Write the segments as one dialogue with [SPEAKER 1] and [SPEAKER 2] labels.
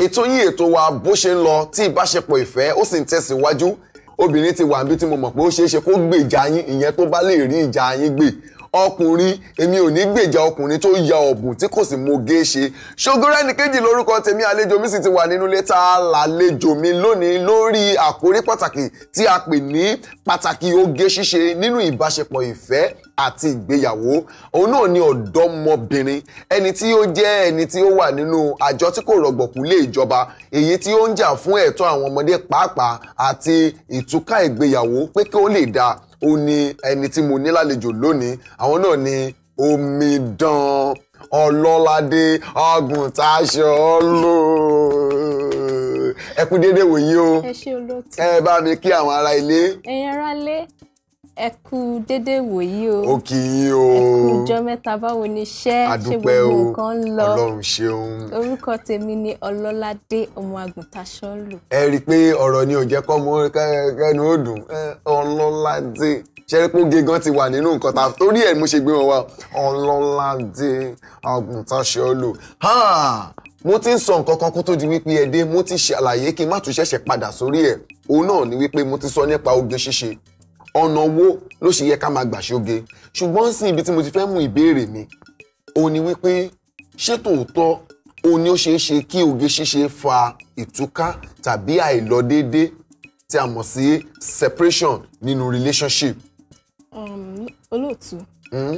[SPEAKER 1] ètò yín ètò wa bó ṣe ń lọ tí ìbáṣepọ̀ ìfẹ́ ó sì ń tẹ̀síwájú obìnrin ti wà níbi tí mo mọ̀ pé ó ṣeé ṣe kó gbèjà yín ìyẹn tó bá lè rí ìjà yín gbè ọkùnrin èmi ò ní gbèjà ọkùnrin tó ya ọ̀bùn tí kò sì moge ṣe Ṣogorẹ́níkejì lórúkọ tèmi àlejò mi sì ti wà nínú ilé tá a lálejò mi lónìí lórí àkórí pàtàkì tí a pè ní pàtàkì oge ṣíṣe nínú ìbáṣepọ̀ ìfẹ́ àti ìgbéyàwó òun náà ni ọ̀dọ́mọbìnrin ẹni tí ó jẹ́ ẹni tí ó wà nínú àjọ tí kò rọ̀gbọ̀kú lé ìjọba èyí tí ó ń jà fún ẹ̀tọ́ àwọn ọmọdé pàápàá àti ìtúká ìgbéyàwó pé kí ó lè da ó ní ẹni tí mo ní lálejò lónìí àwọn náà ni omidan ọlọ́ládé ọ̀gùntàṣọ́ ẹ kú déédéé wòyí o ẹ bá mi kí àwọn ará ilé.
[SPEAKER 2] ẹ̀yin ará ilé ẹ kú dédé wòyí o ó kì í o ẹ kú ọjọ́ mẹ́ta báwo ni iṣẹ́ ṣe gbogbo nǹkan ń lọ Ọlọ́run ṣeun orúkọ tèmi ni Ọlọ́ládé ọmọ Àgùntàṣọ́lù.
[SPEAKER 1] ẹ rí i pé ọ̀rọ̀ ni ò jẹ́ kọ́ mọ́ kẹ́nu ó dùn Ọlọ́ládé ṣẹ́rípóge gan ti wà nínú nǹkan ta torí ẹ̀ mo ṣe gbé wọn wá Ọlọ́ládé Àgùntàṣọ́lù mo ti ń sọ nǹkan kan kó tó di wípé ẹdẹ mo ti ṣàlàyé kí n má tún ṣẹ̀ṣẹ̀ padà sórí ẹ̀ òun náà ni wípé mo ti sọ nípa oge ṣíṣe ọ̀nà wo ló ṣe yẹ ká máa gbà ṣoge ṣùgbọ́n sí ibi tí mo ti fẹ́ mú ìbéèrè mi ó ní wípé ṣé tòótọ́ ó ní ó ṣeé ṣe kí oge ṣíṣe fa ìtúká tàbí àìlọdéédé tí a mọ̀ sí separation nínú relationship.
[SPEAKER 2] Um, olóòtú hmm?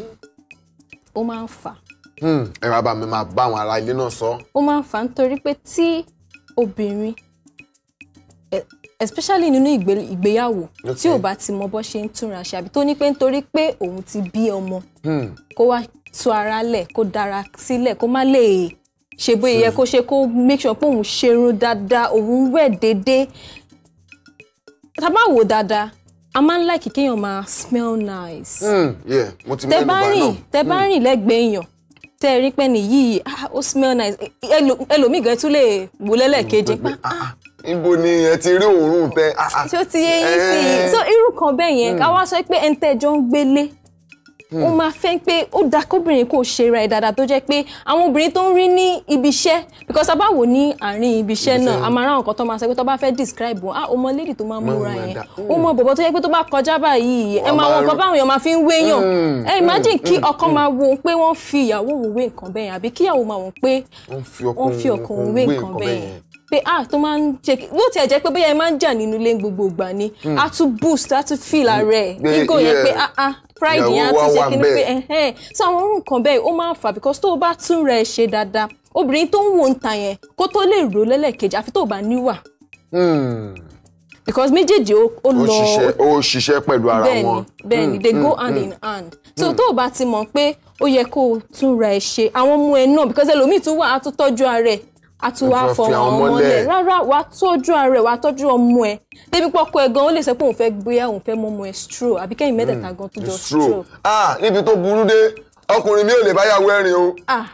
[SPEAKER 2] ó máa ń fà.
[SPEAKER 1] Hmm, ẹ̀rọ abàmì máa bá àwọn ará ilé náà sọ.
[SPEAKER 2] ó máa ń fà nítorí pé tí obìnrin especially nínú ìgbéyàwó tí ò bá ti mọ bó ṣe ń túnra ṣe àbí tó ní pé nítorí pé òun ti bí ọmọ hmm. kó wá tú ara lẹ̀ kó dára sílẹ̀ kó má lè ṣe bóyá yẹ hmm. kó ṣe kó make sure pé òun ṣerun dáadáa òun wẹ̀ déédéé tá a bá wò dáadáa a máa ń láìkì kéèyàn máa smell nice. Hmm,
[SPEAKER 1] tẹ bá rìn tẹ bá
[SPEAKER 2] rìn lẹ́gbẹ̀ẹ́ èèyàn tẹ rí pé nìyí ah, ó smell nice ẹlòmíì gan tún lè wò lẹ́lẹ́kejì pa
[SPEAKER 1] ibo ni ẹ ti rí òórùn tẹ. Ah, ah. ṣó
[SPEAKER 2] ti yé yín sí i eh. so irú kan bẹ́ẹ̀ yẹn ká hmm. wá sọ pé ẹni tẹ́ jọ ń gbélé ó hmm. máa fẹ́ pé ó da kóbìnrin kò ṣe ra ẹ̀ dáadáa tó jẹ́ pé àwọn obìnrin tó ń rí ní ibi iṣẹ́ because a bá wò ní àárín ibi iṣẹ́ náà a máa rán nǹkan tó máa sọ pé tó bá fẹ́ describe wọn ah o mọ lady tó máa múra yẹn o mọ hmm. bọ̀bọ̀ tó yẹ pé tó bá kọjá báyìí ẹ máa wọ nǹkan báwọn èèyàn máa fi ń wéyàn ẹ eh, imagine kí ọkọ máa wo pé wọ́n fi ìyàwó òun wé nǹkan bẹ́ẹ̀ àbí kíyàwó máa wọ̀ pé wọ́n fi ọkọ òun wé nǹkan bẹ́ẹ̀ pé ah tó máa ń ṣe bó tiẹ̀ jẹ́ pé bóyá ẹ máa ń jà nínú ilé gbogbo ìgbà ni hmm. a tún boost a tún feel ara ẹ̀ ego yẹn pé ah ah pride yẹn a tún ṣe kí pé ẹ̀hẹ́n so àwọn orun kan bẹ́ẹ̀ ó máa ń fà because tó o bá tún rẹ̀ ṣe dáadáa obìnrin tó ń wo ń ta yẹn kó tó lè rò lẹ́lẹ́kejì àfi tó o bá níwà hmm. because méjèèjì ó lọ ó
[SPEAKER 1] ṣiṣẹ́ pẹ̀lú ara wọn bẹ́ẹ̀ni hmm, they go hand in
[SPEAKER 2] hand so tó o bá ti mọ̀ pé ó yẹ kó o tún ra ẹ ṣe àwọn ọmọ ẹ náà because ẹlòmíì tún wà á tún tọ́jú ara ẹ̀ a tún wá fọmọ ọmọlẹ rárá wà á tọ́jú ara ẹ̀ wà á tọ́jú ọmọ ẹ̀ débi pọ́kọ ẹ̀ gan ó lè sọ pé òun fẹ́ gbéyà òun fẹ́ mọ́mọ́ ẹ̀ stro àbí kẹ́yìn mẹ́tẹ̀ẹ̀ta hmm, gan tó jọ
[SPEAKER 1] stro. ah níbi tó burú dé ọkùnrin mi ò lè báyàwó ẹ̀rìn o.
[SPEAKER 2] Ah.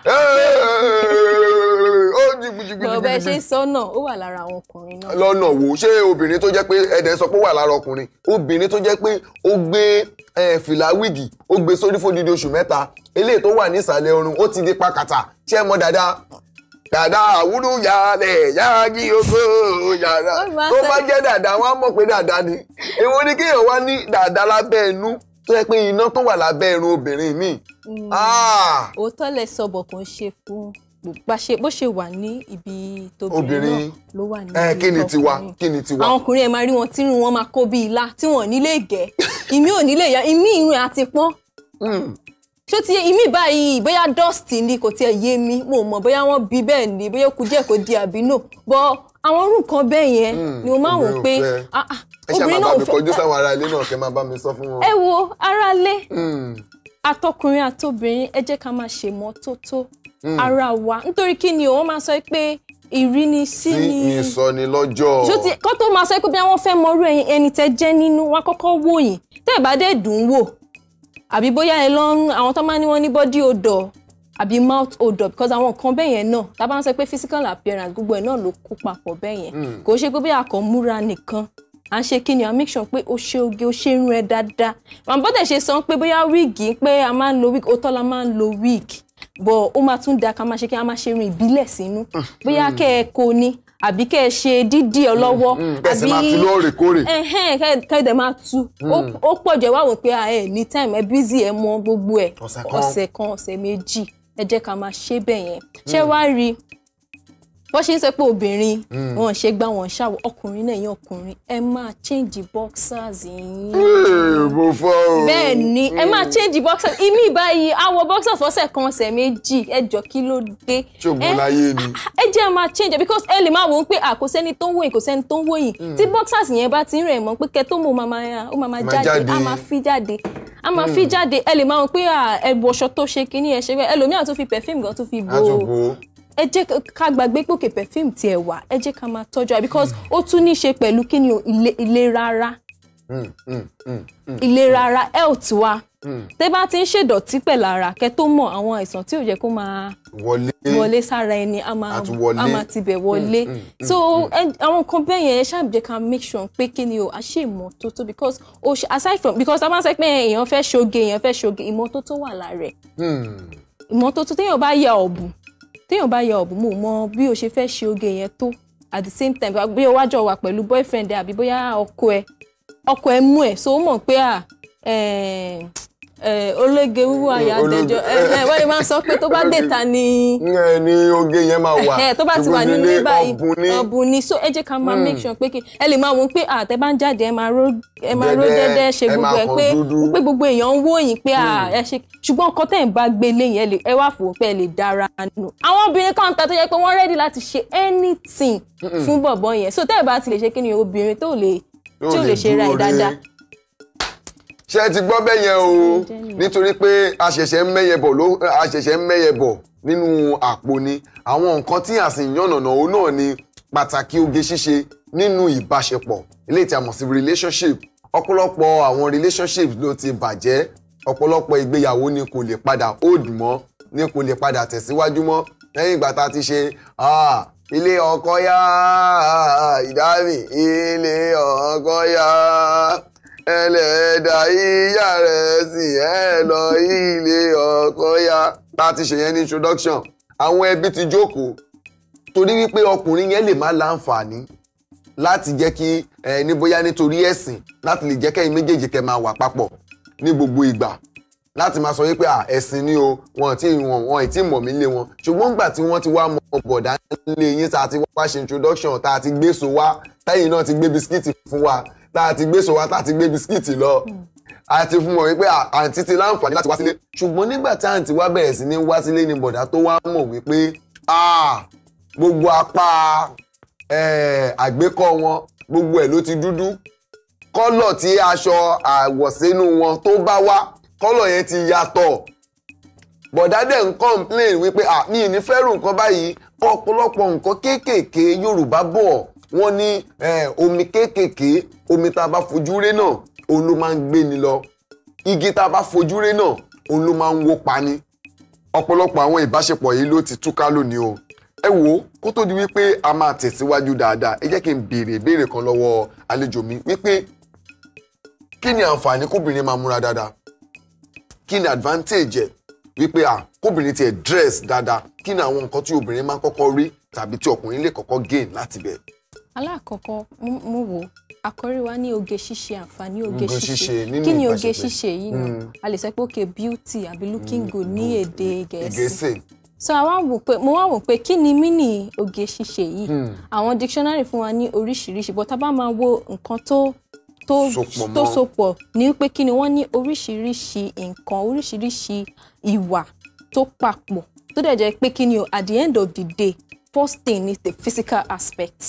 [SPEAKER 2] ó jìgbìjìgbìjìgbì. bọ̀bẹ ṣe sọ́nà ó wà lára àwọn ọkùnrin
[SPEAKER 1] náà. lọ́nà wo ṣé obìnrin tó jẹ́ pé ẹ̀dẹ̀ sọ pé ó wà lára ọkùnrin obìnrin tó jẹ́ pé ó gbé fìlà ó gbé sórí fódìdí oṣù mẹ́ta eléyìí tó wà ní ìsàlẹ̀ ọrùn ó ti di pakàtà ṣé ẹ mọ̀ dáadáa Dada, àwúrú yàrá yàgì ogbó yàrá tó bá jẹ́ dàdà wọn á mọ̀ pé dàdà ni èwo ni kéèyàn wá ní dàdà lábẹ́ inú tó yẹ pé iná tó wà lábẹ́ irun obìnrin mi.
[SPEAKER 2] Hmm. Ah! òótọ́ lẹ sọ bọ̀ kò ń ṣe fún bó ṣe wà ní ibi tóbìnrin náà ló wà ní eh,
[SPEAKER 1] ibi kí ni tiwa kí ni tiwa. àwọn
[SPEAKER 2] ọkùnrin ẹ máa rí wọn tírun wọn máa kó bí ilá tí wọn ò ní lè gẹ ìmí ò ní lè yá ìmí irun àti pọ́n hmm ṣó ti imí báyìí bóyá dust ni kò tiẹ̀ yé mi mo mọ̀ bóyá wọ́n bí bẹ́ẹ̀ ni bóyá kú díẹ̀ kò di àbí nò bọ́ àwọn orú nǹkan bẹ́ẹ̀ yẹn hmm, ni mo máa wò pé ah, ah, obìnrin náà ò fẹ́ ẹ ṣe máa bá mi kọjú sáwọn ará
[SPEAKER 1] ilé náà kẹ́ máa bá mi sọ fún wọn. ẹ
[SPEAKER 2] wo aráalé atọkùnrin hmm. àtobìnrin ẹ jẹ́ ká máa ṣe mọ́tótó hmm. ara wa nítorí kí ni òun máa sọ pé ìrínisí ni
[SPEAKER 1] ìsọnilọ́jọ́
[SPEAKER 2] kó tó máa sọ pé bí wọ́n fẹ́ mọrú ẹni tẹ́ jẹ́ nínú wọn kọ́kọ́ wòyìn tẹ́ ẹ̀ bá dẹ̀ dùn ún wò àbí bóyá ẹ lọ ń àwọn tó máa ní wọ́n ní body odor àbí mouth odor because àwọn nǹkan bẹ́ẹ̀ yẹn náà tá a bá ń sọ pé physical appearance gbogbo ẹ̀ náà ló kó papọ̀ bẹ́ẹ̀ yẹn hmm. kò ṣe pé bóyá kàn múra nìkan à ń ṣe kí ni à ń make sure pé o ṣe oge o ṣe irun ẹ dáadáa màá bọ́dẹ̀ ṣe sọ pé bóyá wíìgì pé a máa ń lo wig, òótọ́ la máa ń lo wig. bọ̀ ó máa tún da ká máa ṣe kí a máa ṣe irun ìbílẹ̀ sínú hmm. bóyá kẹ́ ẹ kó ni àbí kẹ́ ẹ ṣe dídí ọlọ́wọ́ mm, mm. àbí kẹ́ẹ̀dẹ̀ máa tú ó mm. pọ̀jọ́ wà wò pé ẹ ní time ẹ busy ẹ mọ gbogbo ẹ̀ ọ̀sẹ̀ kan ọ̀sẹ̀ méjì ẹ jẹ́ ká máa ṣe bẹ́ẹ̀ yẹn ṣé wàá rí i wọ́n ṣe ń sọ pé obìnrin hmm. wọn ṣe gbá wọn ṣàwọ ọkùnrin náà yín ọkùnrin ẹ máa change boxers yín.
[SPEAKER 1] mo fọ́ o. bẹ́ẹ̀ ni ẹ máa hmm.
[SPEAKER 2] change boxers imí báyìí awọ boxers fọ́sẹ̀ kan ọ̀sẹ̀ méjì ẹ jọ kí ló dé. ṣògùn láyé ni. ẹ jẹ́ ẹ máa change because ẹ lè máa wò ó pé à kò sẹ́ni tó ń wòyìn kò sẹ́ni tó ń wòyìn hmm. tí boxers yẹn bá ti ń rẹ̀ mọ́ pé kẹ́ tó mọ̀ ó máa jáde á máa fi jáde a máa fi jáde ẹ lè máa wọ pé ẹ fi perfume gan fi ẹ jẹ́ ká gbàgbé pòkè perfume tiẹ̀ wà ẹ jẹ́ ká máa tọ́jú ẹ̀ because hmm. ó tún ní í ṣe pẹ̀lú kí ni ìlera ara ìlera ara health wa hmm. tẹ́ bá ti ń ṣèdọ̀tí pẹ̀lú ara kẹ́ tó mọ̀ àwọn àìsàn tí ò yẹ kó máa wọlé sára ẹni a máa tibẹ̀ wọlé hmm, so àwọn nǹkan bẹ́ẹ̀ yẹn ṣàbíjẹ́ ká make sure pé kí ni o a ṣe ìmọ́tótó because o aside from because a máa ń sẹ́ pé èèyàn fẹ́ ṣoge èèyàn fẹ́ ṣoge ìmọ́tótó wà lára ẹ̀ ìmọ́tótó téèyàn bá yẹ ọ̀bùn téèyàn bá ya ọ̀bùnmù mọ bí o ṣe fẹ́ ṣe oge yẹn tó at the same time bí o wájọ wà pẹ̀lú boyfriend àbí bóyá ọkọ ẹ ọkọ ẹ mú ẹ so ó mọ̀ pé à eh, ológe wíwú àyà àtẹjọ ẹ wọ́n máa ń sọ pé tó bá dèta ni.
[SPEAKER 1] ni oge yẹn máa wà tó bá ti wà nílé báyìí
[SPEAKER 2] ọ̀bùn ni so ẹ jẹ́ ká máa hmm. make sure pé kí ẹ lè máa wò ó pé àtẹ bá ń jáde ẹ máa ró dẹ́dẹ́ ṣe gbogbo ẹ pé pé gbogbo èèyàn ń wò yín pé hmm. ẹ ṣe ṣùgbọ́n nǹkan tẹ̀ ń bá gbé lẹ́yìn ẹ wà fún pé ẹ lè dára nù. àwọn obìnrin kan ta tó yẹ pé wọ́n rẹ́dí láti ṣe anything fún bọ̀bọ̀ yẹn so tẹ́ ẹ bá ti lè ṣe kí ni obìnrin tó lè ṣe ra ẹ̀ dáadáa
[SPEAKER 1] ṣé ẹ ti gbọ́ bẹ́ẹ̀ yẹn o nítorí pé a ṣẹ̀ṣẹ̀ ń mẹ́yẹ bọ̀ ló a ṣẹ̀ṣẹ̀ ń mẹ́yẹ bọ̀ nínú àpò ni àwọn nǹkan tí àsìyànnànà òun náà ni pàtàkì oge ṣíṣe nínú ìbáṣepọ̀ eléyìí tí a mọ̀ sí relationship ọ̀pọ̀lọpọ̀ àwọn relationships ló ti bàjẹ́ ọ̀pọ̀lọpọ̀ ìgbéyàwó ni kò lè padà old mọ́ ni kò lè padà tẹ̀síwájú mọ́ lẹ́yìn ìgbà tá a ti ṣe ilé ọkọ yá ìdá mi ilé ọkọ yá ẹlẹ́ẹ̀dá ìyá rẹ̀ sì ẹ̀ lọ ilé ọkọ ya. bá a ti ṣe yẹn ní introduction àwọn ẹbí ti jókòó torí wípé ọkùnrin yẹn lè má láǹfààní láti jẹ́ kí ẹ ní bóyá nítorí ẹ̀sìn láti lè jẹ́ kẹ́yìn méjèèjì kẹ́ máa wà papọ̀ ní gbogbo ìgbà láti máa sọ wípé ẹ̀sìn ni o wọn ti wọn wọn ti mọ̀ mí lé wọn ṣùgbọ́n gbà tí wọ́n ti wá mọ bọ̀dá nílé yín tá a ti wá ṣe introduction tá a ti gbé so wá tẹ́yìn náà ti gbé bisikíìtì fún wa tá a ti gbé sọ wa tá a ti gbé bisikíìtì lọ a ti fún wọn wípé ah, àǹtí ti láǹfààní láti wá sílé ṣùgbọ́n nígbà tí àǹtí wa bẹ̀rẹ̀ sí ní wá sílé ni bọ̀dá tó wá mọ̀ wípé ah, gbogbo apá àgbékọ́ wọn gbogbo ẹ̀ ló ti dúdú kọ́lọ̀ tí aṣọ àwọ̀sínú wọn tó bá wá kọ́lọ̀ yẹn ti yàtọ̀ bọ̀dá dẹ̀ ń complain wípé ah, mi ì ní fẹ́rù nǹkan báyìí ọ̀pọ̀lọpọ̀ nǹkan kéékèèké Yorùbá bọ̀ wọ́n ní omi kéékèèké omi tá a bá fojú ré náà òun ló máa ń gbé ni lọ igi tá a bá fojú ré náà òun ló máa ń wó pa ni àwọn ìbáṣepọ̀ yìí ló ti túká lónìí o ẹ wò ó kó tó di wípé a máa tẹ̀síwájú dáadáa ẹ jẹ́ kí n béèrè ìbéèrè kan lọ́wọ́ àlejò mi wípé kí ni àǹfààní kóbìnrin máa múra dáadáa kí ni advantage ẹ̀ wípé à kóbìnrin tiẹ̀ dress dáadáa kí ni àwọn nǹkan tí obìnrin máa kọ́kọ́ rí tàbí tí ọkùnrin lè kọ́kọ́ gain láti bẹ̀.
[SPEAKER 2] alákọ̀ọ́kọ́ mo wò àkórí wa ní oge ṣíṣe àǹfààní oge ṣíṣe kí ni oge ṣíṣe yìí ni hmm. a lè sọ pé okay beauty àbí looking hmm, good ní èdè gẹ̀ẹ́sì so àwa wò mo wá wò pé kí ni mini oge ṣíṣe yìí hmm. àwọn dictionary fún wa ní oríṣiríṣi but bá máa wo nǹkan tó tó sopọ̀ ní pé kí ni wọ́n ní oríṣiríṣi nǹkan oríṣiríṣi ìwà tó papọ̀ tó dẹ̀ jẹ́ pé kí ni o at the end of the day first thing is the physical aspect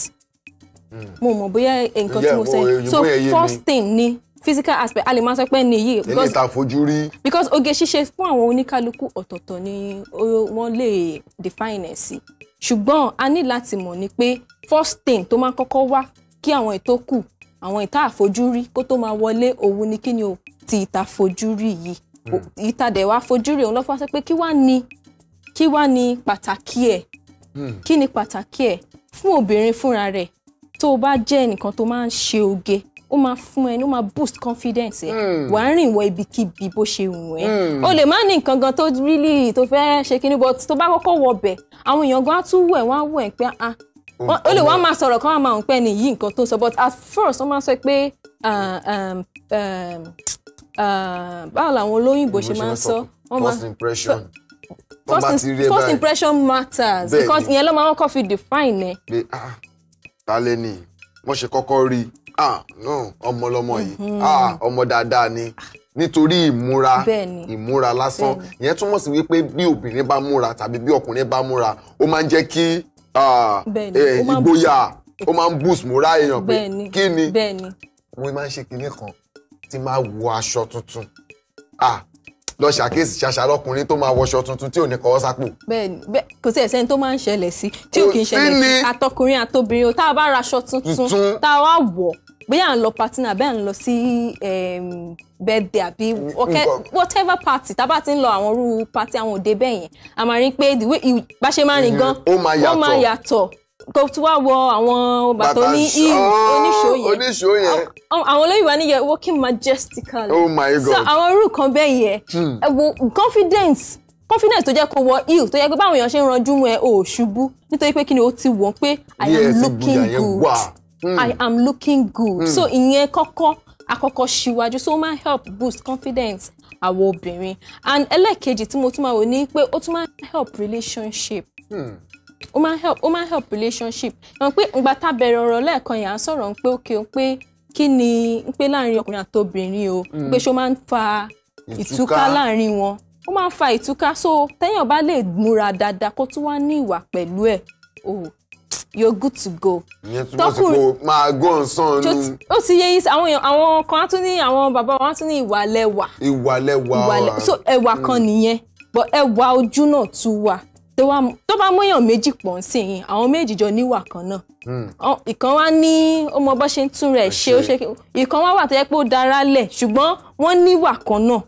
[SPEAKER 2] mo mọ̀ bóyá nǹkan tí mo sẹ so first thing ni physical aspect a lè máa sọ pé nìyí. eléyìí ta
[SPEAKER 1] fojú rí.
[SPEAKER 2] because oge ṣíṣe fún àwọn oníkálukú ọ̀tọ̀ọ̀tọ̀ ni wọ́n lè define ẹ̀ sí ṣùgbọ́n a ní láti mọ̀ ni pé first thing tó máa kọ́kọ́ wá kí àwọn ètò kù àwọn ìta àfojúrí kó tó máa wọlé òun ni kí ni o ti ìta fojúrí yìí hmm. ìta dẹ̀ wá fojúrí òun lọ́fọ́ sọ pé kí wá ni kí wá ni pàtàkì ẹ̀ hmm. kí ni pàtàkì ẹ̀ fún obìnrin fúnra rẹ̀ tó o bá jẹ́ ẹnìkan tó máa ń ṣe oge ó máa fún ẹ ní ó máa boost confidence ẹ hmm. wà á rìn wọ ibikíbi bó ṣe wù ẹ hmm. o lè má ní nǹkan gan tó really tó fẹ́ ṣe kíní but tó bá kọ́kọ́ wọ bẹ̀ àwọn èèyàn gan á tún wẹ̀ wọ́n á wẹ̀ pé ah, ah. ó lè wá máa sọ̀rọ̀ kán máa ń pẹ́ ní yìí nǹkan tó sọ but at first wọ́n máa sọ pé ah, um, um, um, báwo làwọn olóyìnbó ṣe máa ń sọ first impression first impression matters because ìyẹn ló máa ń kọ́ fi define ẹ.
[SPEAKER 1] Ah, tálẹ́ ni wọ́n ṣe kọ́kọ́ rí ọmọ ọlọ́mọ yìí mhm. ọmọ dáadáa ni nítorí ìmúra ìmúra lásán ìyẹn túmọ̀ sí wípé bí obìnrin bá múra tàbí bí ọkùnrin bá múra ó máa ń jẹ́ kí ìgboyà ó máa ń boost múra èèyàn pé kí ni mo máa ń ṣe kinní kan tí máa wọ aṣọ tuntun ah lọ ṣàkíyèsí ṣàṣàrọ ọkùnrin tó máa wọṣọ tuntun tí ò ní kọwọ́ sápò.
[SPEAKER 2] bẹ́ẹ̀ kò sí ẹsẹ tó máa ń ṣẹlẹ̀ sí tí ò kì í ṣẹlẹ̀ sí àtọkùnrin àtobìnrin o tá a bá raṣọ tuntun tá a wá wọ̀ bóyá à ń lọ party náà bẹ́ẹ̀ à ń lọ sí ehm, birthday àbí whatever party tá a bá ti ń lọ àwọn irú party àwọn òde bẹ́ẹ̀ yẹn a máa rí pé bá ṣe máa rìn mhm. gan ó máa yàtọ̀ kò tún wá wọ àwọn bàtà oní oníṣòó yẹn oníṣòó yẹn àwọn olóyìnbó ni yẹ walking majestically oh my god so àwọn irú kan bẹ́ẹ̀ yẹ hmm. ẹ confidence confidence tó jẹ́ kó wọ ill tó yẹ pé báwọn èèyàn ṣe ń ranjú mu ẹ ò ṣubú nítorí pé kí ni ó ti wọ̀n pé i am looking good hmm. i am looking good hmm. so ìyẹn kọ́kọ́ àkọ́kọ́ ṣíwájú so ó máa help boost confidence àwọn obìnrin and ẹlẹ́ẹ̀kejì tí mo tún máa wò ní pé ó tún máa help relationship. Hmm woman help help relationship wọn pé ìgbà tá a bẹ̀rẹ̀ ọ̀rọ̀ lẹ́ẹ̀kan yẹn à ń sọ̀rọ̀ pé o pé kí ni ń pé láàrin ọkùnrin o pé mm. ṣó máa ń fa ìtúká láàrin wọn ó máa ń fa ìtúká so téèyàn le lè múra dáadáa kó tún wá ní ìwà pẹ̀lú o good to
[SPEAKER 1] go. ìyẹn maa sí pé máa gbọ́n sàn ti
[SPEAKER 2] yìí àwọn èèyàn àwọn kan á tún ní àwọn bàbá wọn
[SPEAKER 1] so ẹwà kan mm.
[SPEAKER 2] nìyẹn but ẹwà ojú náà tún wà. tó bá mọ́yàn méjì pọ̀ ń sìn yín àwọn méjì jọ níwà kan náà hmm. ìkan wá ní ó mọ bó ṣe ń tún rẹ̀ ṣe ó ṣe ìkan wá wà tó yẹ pé ó dára lẹ̀ ṣùgbọ́n wọ́n níwà kan náà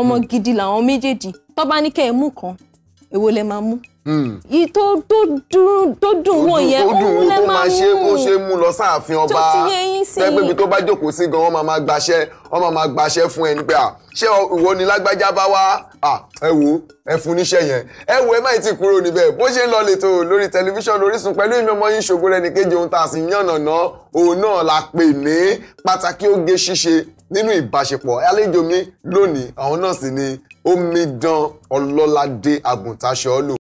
[SPEAKER 2] ọmọ hmm. gidi làwọn méjèèjì tó bá ní kẹ́ ẹ mú kan èwo lẹ máa mú. Hmm. yìí tó dùn wò yẹn òun lẹ máa mú. tó máa ṣe kó ṣe
[SPEAKER 1] mú lọ sáàfin ọba tẹgbẹ́bi tó bá jókòó sí gan wọ́n máa máa gbaṣẹ́ wọ́n máa máa gbaṣẹ́ fún ẹni pé à ṣé ìwọ ni lágbájá bá wá à ẹ wò ẹ fún níṣẹ́ yẹn ẹ wò ẹ má ti kúrò níbẹ̀ bó ṣe ń lọ lẹ́tọ̀ lórí tẹlifíṣàn Orísun pẹ̀lú ìmọ̀ ọmọ yín ṣògo rẹ̀ nìkejì ohun tá a sì yànnàná òun náà la pè ní pàtàkì oge ṣíṣe nínú ìbáṣepọ̀ àlejò mi lónìí àwọn náà sì ni omidan ọlọ́ládé àgùntàṣọ́lù.